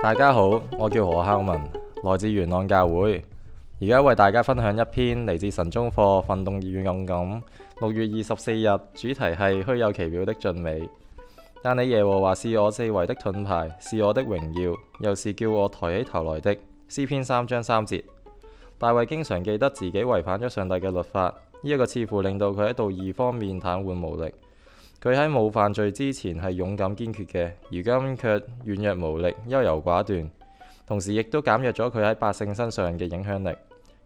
大家好，我叫何孝文，來自元朗教會，而家為大家分享一篇嚟自神中課奮鬥與勇敢」。六月二十四日，主題係虛有其表的俊美。但你耶和華是我四圍的盾牌，是我的榮耀，又是叫我抬起頭來的。詩篇三章三節。大衛經常記得自己違反咗上帝嘅律法，呢一個似乎令到佢喺道義方面癱瘓無力。佢喺冇犯罪之前係勇敢堅決嘅，如今卻軟弱無力、優柔寡斷，同時亦都減弱咗佢喺百姓身上嘅影響力。呢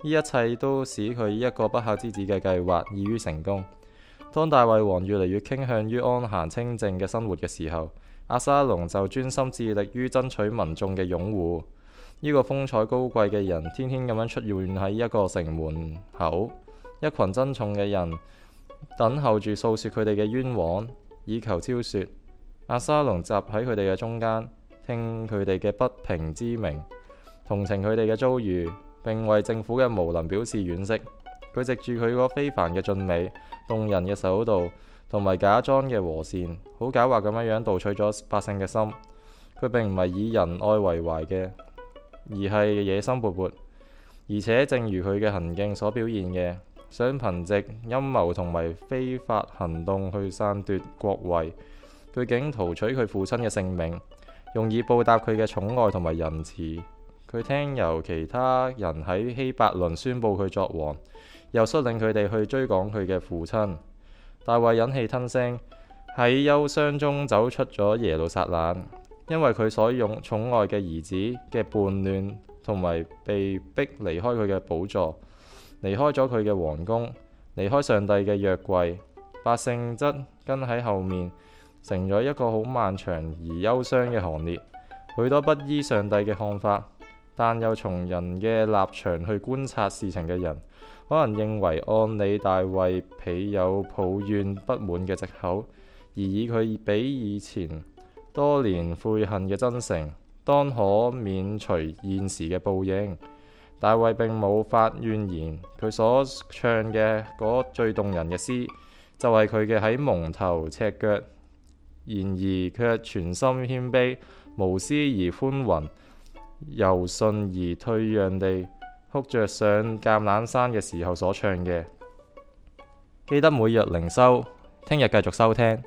一切都使佢呢一個不孝之子嘅計劃易於成功。當大衛王越嚟越傾向於安閒清靜嘅生活嘅時候，押沙龍就專心致力於爭取民眾嘅擁護。呢個風采高貴嘅人，天天咁樣出現喺一個城門口，一群爭訟嘅人等候住訴説佢哋嘅冤枉，以求昭雪。押沙龍企喺佢哋嘅中間，聽佢哋嘅不平之鳴，同情佢哋嘅遭遇，並為政府嘅無能表示惋惜。佢藉住佢個非凡嘅俊美、動人嘅手段，同埋假裝嘅和善，好狡猾咁樣樣盜取咗百姓嘅心。佢並唔係以仁愛為懷嘅。而係野心勃勃，而且正如佢嘅行徑所表現嘅，想憑藉陰謀同埋非法行動去篡奪國位，佢竟圖取佢父親嘅性命，用以報答佢嘅寵愛同埋仁慈。佢聽由其他人喺希伯倫宣佈佢作王，又率領佢哋去追趕佢嘅父親。大衛忍氣吞聲，喺憂傷中走出咗耶路撒冷。因為佢所擁寵愛嘅兒子嘅叛亂，同埋被逼離開佢嘅寶座，離開咗佢嘅王宮，離開上帝嘅約櫃，百姓則跟喺後面，成咗一個好漫長而憂傷嘅行列。許多不依上帝嘅看法，但又從人嘅立場去觀察事情嘅人，可能認為按理大衛頗有抱怨不滿嘅藉口，而以佢比以前。多年悔恨嘅真誠，當可免除現時嘅報應。大衛並冇發怨言，佢所唱嘅嗰最動人嘅詩，就係佢嘅喺蒙頭赤腳，然而卻全心謙卑，無私而寬宏，柔順而退讓地哭着上橄欖山嘅時候所唱嘅。記得每日靈修，聽日繼續收聽。